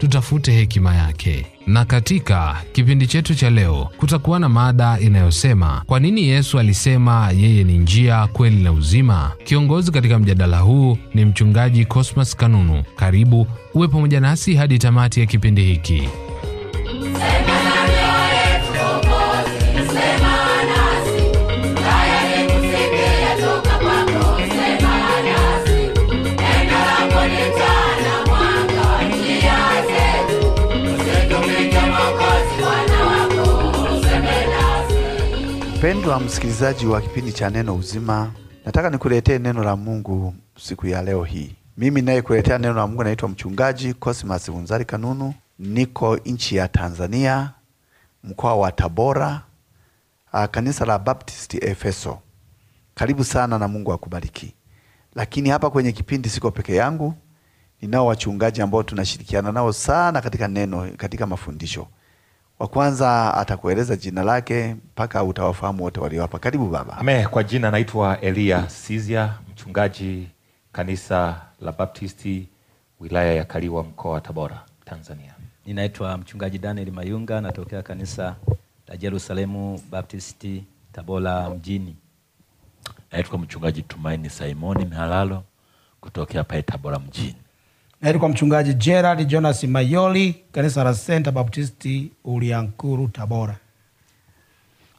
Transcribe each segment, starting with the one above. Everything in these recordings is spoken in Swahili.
tutafute hekima yake. Na katika kipindi chetu cha leo kutakuwa na mada inayosema kwa nini Yesu alisema yeye ni njia, kweli na uzima. Kiongozi katika mjadala huu ni mchungaji Cosmas Kanunu. Karibu uwe pamoja nasi hadi tamati ya kipindi hiki. Mpendwa msikilizaji wa kipindi cha Neno Uzima, nataka nikuletee neno la Mungu siku ya leo hii. Mimi nayekuletea neno la Mungu naitwa Mchungaji Cosmas Bunzari Kanunu, niko nchi ya Tanzania, mkoa wa Tabora, ah, kanisa la Baptist Efeso. Karibu sana na Mungu akubariki. Lakini hapa kwenye kipindi siko peke yangu, ninao wachungaji ambao tunashirikiana nao sana katika neno, katika mafundisho wa kwanza atakueleza jina lake mpaka utawafahamu wote walio hapa. Karibu baba. Ame, kwa jina naitwa Elia Sizia, mchungaji kanisa la Baptisti wilaya ya Kaliwa mkoa wa Tabora, Tanzania. Ninaitwa mchungaji Daniel Mayunga, natokea kanisa la Jerusalemu Baptisti Tabora mjini. Naitwa mchungaji Tumaini Simoni Mihalalo kutokea pale Tabora mjini. Naitwa Mchungaji Gerard Jonas Mayoli, kanisa la Senta Baptisti Uliankuru, Tabora.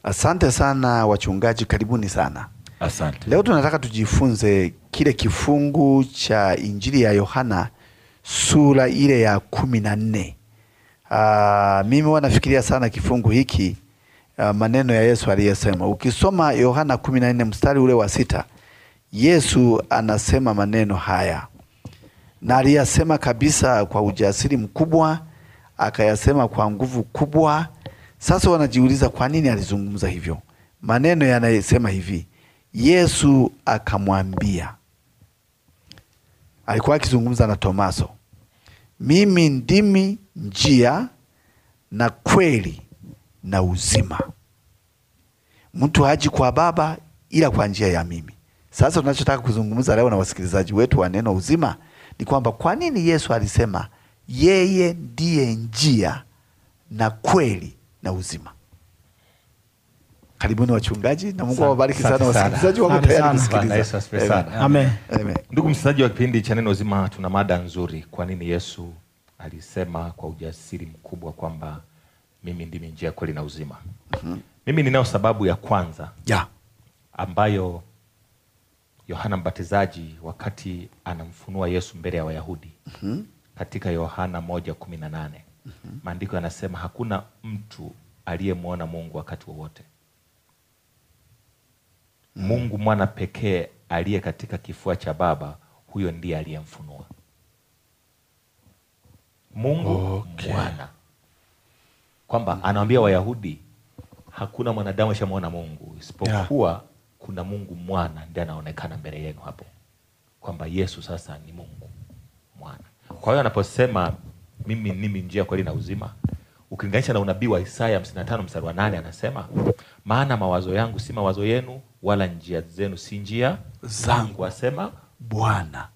Asante sana wachungaji, karibuni sana. Asante. Leo tunataka tujifunze kile kifungu cha Injili ya Yohana sura ile ya kumi na nne. Ah, mimi huwa nafikiria sana kifungu hiki, aa, ah, maneno ya Yesu aliyesema. Ukisoma Yohana kumi na nne mstari ule wa sita, Yesu anasema maneno haya na aliyasema kabisa kwa ujasiri mkubwa, akayasema kwa nguvu kubwa. Sasa wanajiuliza kwa nini alizungumza hivyo. Maneno yanayosema hivi, Yesu akamwambia, alikuwa akizungumza na Tomaso, mimi ndimi njia na kweli na uzima, mtu haji kwa Baba ila kwa njia ya mimi. Sasa tunachotaka kuzungumza leo na wasikilizaji wetu wa Neno Uzima ni kwamba kwa nini Yesu alisema yeye ndiye njia na kweli na uzima. Karibuni wachungaji, na Mungu awabariki sana wasikilizaji wangu tayari kusikiliza. Amen. Ndugu msikilizaji wa kipindi cha Neno Uzima, tuna mada nzuri, kwa nini Yesu alisema kwa ujasiri mkubwa kwamba mimi ndimi njia, kweli na uzima. mm -hmm. Mimi ninao sababu ya kwanza yeah. ambayo Yohana Mbatizaji wakati anamfunua Yesu mbele ya Wayahudi mm -hmm. katika Yohana moja kumi na nane mhm. maandiko mm -hmm. yanasema hakuna mtu aliyemwona Mungu wakati wowote wa mm -hmm. Mungu mwana pekee aliye katika kifua cha Baba, huyo ndiye aliyemfunua Mungu okay. mwana kwamba mhm. anawambia Wayahudi hakuna mwanadamu ashamwona Mungu isipokuwa yeah kuna Mungu mwana ndiye anaonekana mbele yenu hapo, kwamba Yesu sasa ni Mungu mwana. Kwa hiyo anaposema mimi nimi njia, kweli na uzima, ukilinganisha na unabii wa Isaya 55 mstari wa nane anasema, maana mawazo yangu si mawazo yenu, wala njia zenu si njia zangu, asema Bwana.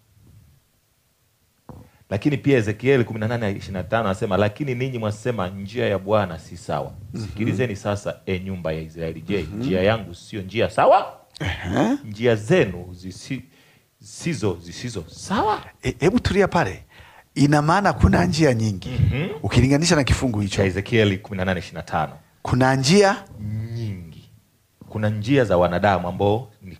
Lakini pia Ezekieli 18:25 anasema, lakini ninyi mwasema njia ya Bwana si sawa. Mhm. Sikilizeni sasa, e nyumba ya Israeli, je, mhm. njia yangu sio njia sawa? uh-huh. njia zenu zisi, zisizo zisizo sawa. E, hebu e, tulia pale, ina maana kuna njia nyingi mm-hmm. ukilinganisha na kifungu hicho Ezekieli 18:25 kuna njia nyingi, kuna njia za wanadamu ambao ni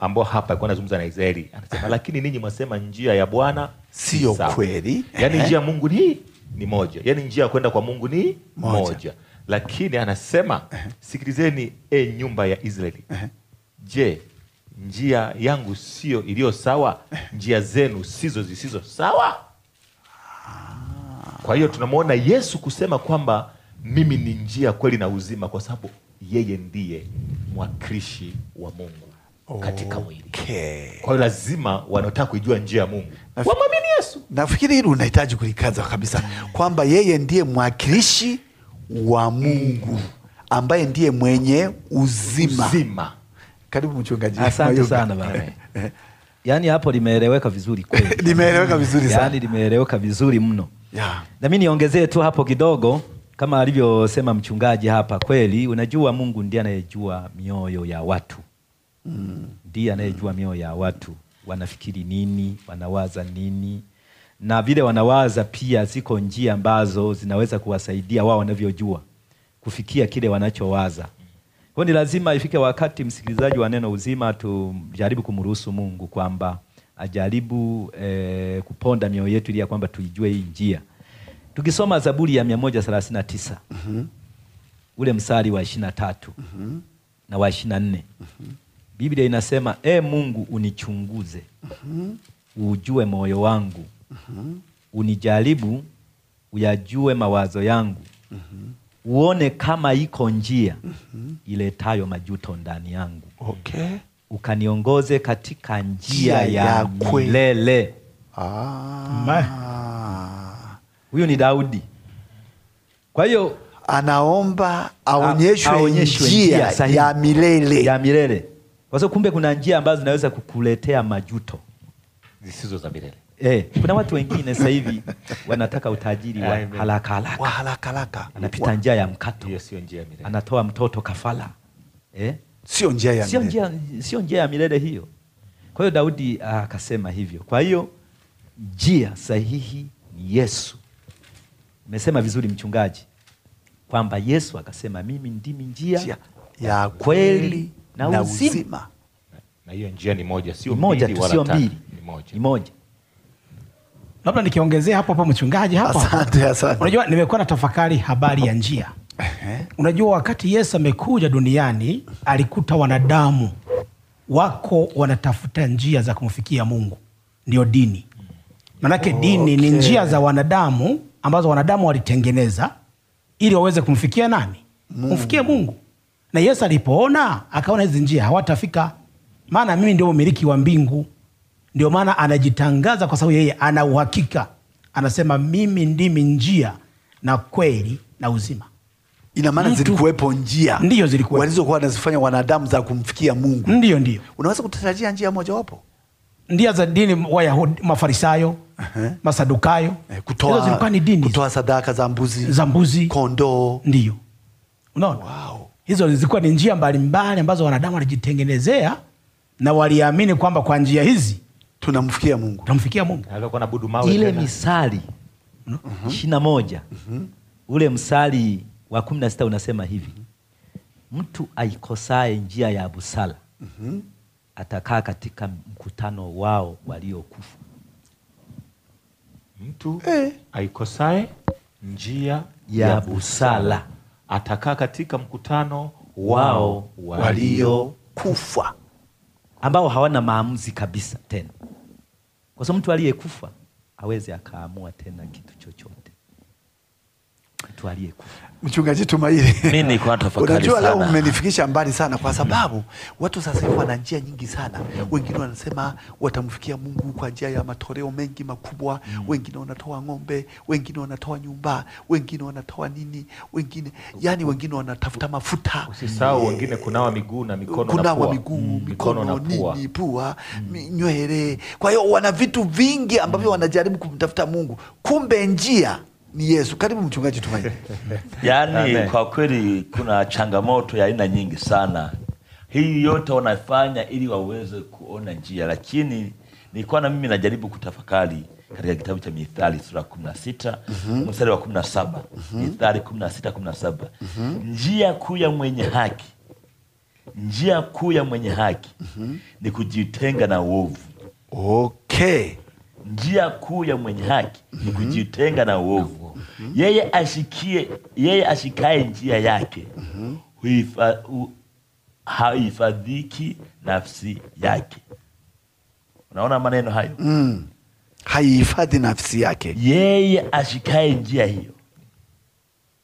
ambao hapa alikuwa anazungumza na Israeli, anasema lakini ninyi mwasema njia ya Bwana sio kweli, Yani njia ya Mungu ni ni moja, yani njia ya kwenda kwa Mungu ni moja, moja lakini anasema Sikilizeni e nyumba ya Israeli Je, njia yangu sio iliyo sawa? Njia zenu sizo zisizo sawa? Kwa hiyo tunamwona Yesu kusema kwamba mimi ni njia, kweli na uzima, kwa sababu yeye ndiye mwakilishi wa Mungu katika mwili. Okay. Kwa hiyo lazima wanaotaka kuijua njia ya Mungu wamwamini Yesu. Nafikiri hili unahitaji kulikaza kabisa mm. kwamba yeye ndiye mwakilishi wa Mungu ambaye ndiye mwenye uzima, uzima. Karibu mchungaji. Asante sana baba. Yaani hapo limeeleweka vizuri kweli. limeeleweka vizuri sana. Yaani limeeleweka vizuri mno. Yeah. Na mimi niongezee tu hapo kidogo kama alivyosema mchungaji hapa kweli, unajua Mungu ndiye anayejua mioyo ya watu mm. Ndiye anayejua mioyo ya watu, wanafikiri nini, wanawaza nini, na vile wanawaza pia, ziko njia ambazo zinaweza kuwasaidia wao wanavyojua kufikia kile wanachowaza. Kwa ni lazima ifike wakati, msikilizaji wa Neno Uzima, tujaribu kumruhusu Mungu kwamba ajaribu e, kuponda mioyo yetu ili ya kwamba tuijue hii njia. Tukisoma Zaburi ya 139 mm -hmm. ule msali wa 23 mm -hmm. na wa 24 mm -hmm. Biblia inasema, e Mungu unichunguze, mm -hmm. ujue moyo wangu -hmm. unijaribu uyajue mawazo yangu mm -hmm. uone kama iko njia mm -hmm. iletayo majuto ndani yangu okay. ukaniongoze katika njia, ya milele. Ah. Huyu ni Daudi. Kwa hiyo anaomba aonyeshwe, njia, njia ya milele ya milele, kwa sababu kumbe kuna njia ambazo zinaweza kukuletea majuto zisizo za milele. Eh, kuna watu wengine sasa hivi wanataka utajiri wa haraka haraka. Wa haraka haraka. Anapita njia ya mkato. Hiyo sio njia ya milele. Anatoa mtoto kafala. Eh? Sio njia ya milele. Sio njia, sio njia ya milele hiyo. Kwa hiyo Daudi ah, akasema ah, hivyo. Kwa hiyo njia sahihi ni Yesu. Umesema vizuri mchungaji kwamba Yesu akasema mimi ndimi njia, njia ya kweli na uzima. Na hiyo njia ni moja, sio mbili wala tatu. Ni moja. Ni moja labda nikiongezea hapo hapo mchungaji hapo. Asante, asante. Unajua nimekuwa na tafakari habari ya njia Unajua, wakati Yesu amekuja duniani alikuta wanadamu wako wanatafuta njia za kumfikia Mungu, ndio dini. Manake dini okay, ni njia za wanadamu ambazo wanadamu walitengeneza ili waweze kumfikia nani? Mm, kumfikia Mungu. Na Yesu alipoona akaona hizi njia hawatafika, maana mimi ndio mmiliki wa mbingu, ndio maana anajitangaza kwa sababu yeye ana uhakika, anasema mimi ndimi njia na kweli na uzima. Ina maana zilikuwepo njia, ndio zilikuwa walizokuwa wanazifanya wanadamu za kumfikia Mungu. Ndio, ndio unaweza kutarajia njia mojawapo ndia za dini Wayahudi, Mafarisayo, uh-huh. Masadukayo, eh, kutoa, ni dini kutoa sadaka za mbuzi, za mbuzi, kondoo. Ndio, unaona wow. Hizo zilikuwa ni njia mbalimbali ambazo wanadamu walijitengenezea na waliamini kwamba kwa njia hizi tunamfikia Mungu, tunamfikia Mungu. Ile misali no? uh -huh. ishirini na moja uh hmm? -huh. ule msali wa kumi na sita unasema hivi hmm? mtu aikosaye njia ya busara uh hmm? atakaa katika mkutano wao waliokufa. Mtu eh. aikosaye njia ya, ya busara atakaa katika mkutano wao waliokufa, ambao hawana maamuzi kabisa tena kwa sababu mtu aliyekufa aweze akaamua tena kitu chochote mtu aliyekufa. Mchungaji Tumaini, mimi nilikuwa tafakari unajua, leo umenifikisha mbali sana, kwa sababu watu sasa hivi wana njia nyingi sana. Wengine wanasema watamfikia Mungu kwa njia ya matoleo mengi makubwa, mm. wengine wanatoa ng'ombe, wengine wanatoa nyumba, wengine wanatoa nini, wengine yani, wengine wanatafuta mafuta. Usisahau eh, wengine kunawa miguu na mikono, kunawa miguu mm, mikono na pua, nini, pua mm, nywele. Kwa hiyo wana vitu vingi ambavyo mm. wanajaribu kumtafuta Mungu, kumbe njia ni Yesu. Karibu mchungaji Tumaini. Yaani Amen. Kwa kweli kuna changamoto ya aina nyingi sana, hii yote wanafanya ili waweze kuona njia, lakini nilikuwa na mimi najaribu kutafakari katika kitabu cha Mithali sura kumi na sita mhm. mstari wa kumi na saba mhm. Mithali kumi na sita kumi na saba mm -hmm. njia kuu ya mwenye haki, njia kuu ya mwenye haki mm -hmm. ni kujitenga na uovu. Okay njia kuu ya mwenye haki ni kujitenga na uovu. Yeye ashikie, yeye ashikae njia yake huifa, hu, haifadhiki nafsi yake. Unaona maneno hayo mm. haihifadhi nafsi yake. Yeye ashikae njia hiyo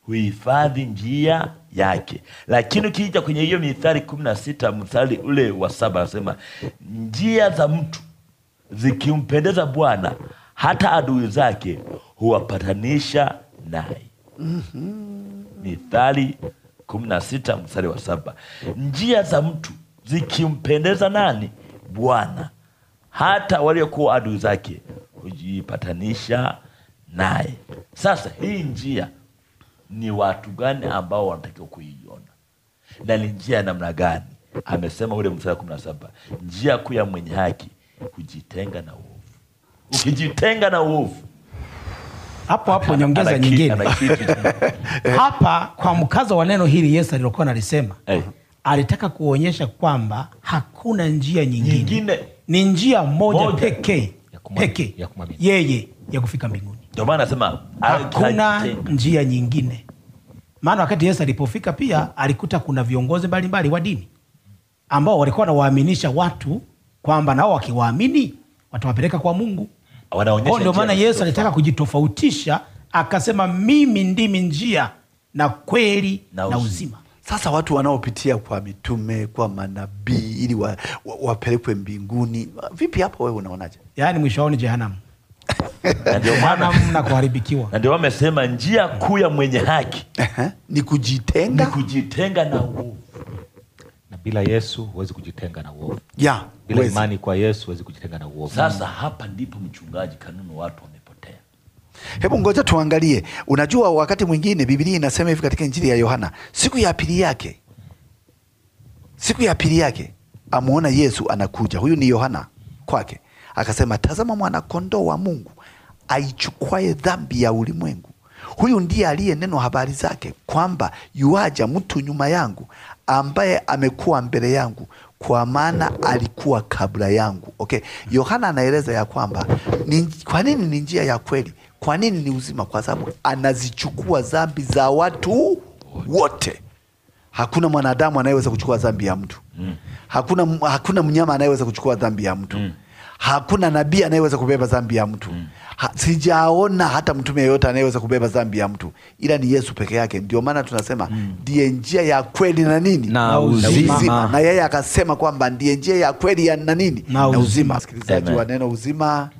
huhifadhi njia yake. Lakini ukija kwenye hiyo Mithali kumi na sita mstari ule wa saba anasema njia za mtu zikimpendeza Bwana hata adui zake huwapatanisha naye. mm -hmm. Mithali kumi na sita mstari wa saba. Njia za mtu zikimpendeza nani? Bwana, hata waliokuwa adui zake hujipatanisha naye. Sasa hii njia ni watu gani ambao wanatakiwa kuiona na ni njia ya namna gani? Amesema ule mstari wa kumi na saba, njia kuu ya mwenye haki ni kujitenga na uovu. Ukijitenga na uovu hapo hapo nyongeza nyingine hapa kwa mkazo wa neno hili Yesu alilokuwa nalisema hey. Alitaka kuonyesha kwamba hakuna njia nyingine, nyingine. Ni njia moja pekee pekee yeye ya kufika mbinguni. Ndio maana anasema hakuna njia nyingine, maana wakati Yesu alipofika pia alikuta kuna viongozi mbalimbali wa dini ambao walikuwa wanawaaminisha watu kwamba nao wakiwaamini watawapeleka kwa Mungu. Ndio maana Yesu alitaka kujitofautisha, akasema mimi ndimi njia na kweli na, na uzima. Sasa watu wanaopitia kwa mitume kwa manabii ili wapelekwe wa, mbinguni vipi? Hapo wewe unaonaje? Yaani mwisho wao ni jehanamu na kuharibikiwa. Na ndio wamesema njia kuu ya mwenye haki ni kujitenga, ni kujitenga na uovu bila Yesu huwezi kujitenga na uovu. Yeah, bila wezi. Imani kwa Yesu huwezi kujitenga na uovu. Sasa hapa ndipo mchungaji, kanuni watu wamepotea. Hebu ngoja tuangalie. Unajua, wakati mwingine Biblia inasema hivi katika Injili ya Yohana, siku ya pili yake, siku ya pili yake amuona Yesu anakuja. Huyu ni Yohana kwake, akasema, tazama mwana kondoo wa Mungu aichukwaye dhambi ya ulimwengu. Huyu ndiye aliye neno habari zake kwamba yuaja mtu nyuma yangu ambaye amekuwa mbele yangu kwa maana alikuwa kabla yangu. Okay, Yohana anaeleza ya kwamba ni, kwa nini ni njia ya kweli, kwa nini ni uzima, kwa sababu anazichukua dhambi za watu wote. Hakuna mwanadamu anayeweza kuchukua dhambi ya mtu mm. Hakuna, hakuna mnyama anayeweza kuchukua dhambi ya mtu mm. Hakuna nabii anayeweza kubeba dhambi ya mtu mm. Ha, sijaona hata mtume yeyote anayeweza kubeba dhambi ya mtu ila ni Yesu peke yake. Ndio maana tunasema mm. ndiye mm. njia ya kweli na nini na uzima, na yeye akasema kwamba ndiye njia ya kweli ya na nini na uzima. Msikilizaji wa neno uzima,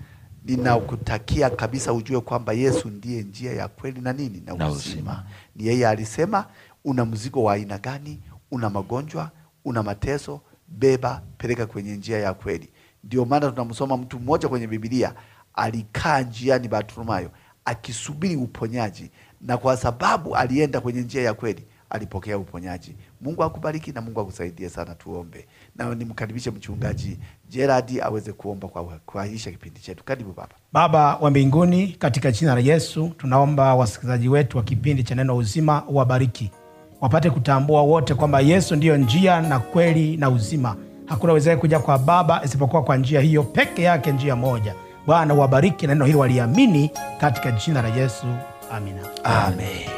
ninakutakia kabisa ujue kwamba Yesu ndiye njia ya kweli na nini na uzima. Ni yeye alisema, una mzigo wa aina gani? Una magonjwa, una mateso, beba, peleka kwenye njia ya kweli. Ndio maana tunamsoma mtu mmoja kwenye Biblia alikaa njiani Bartimayo akisubiri uponyaji, na kwa sababu alienda kwenye njia ya kweli alipokea uponyaji. Mungu akubariki na Mungu akusaidie sana. Tuombe na nimkaribishe mchungaji Gerard aweze kuomba kwa kuahisha kipindi chetu. Karibu baba. Baba wa mbinguni, katika jina la Yesu tunaomba wasikilizaji wetu wa kipindi cha Neno Uzima uwabariki wapate kutambua wote kwamba Yesu ndiyo njia na kweli na uzima hakuna wezae kuja kwa Baba isipokuwa kwa njia hiyo peke yake, njia moja. Bwana wabariki, na neno hili waliamini katika jina la Yesu. Amina, amen.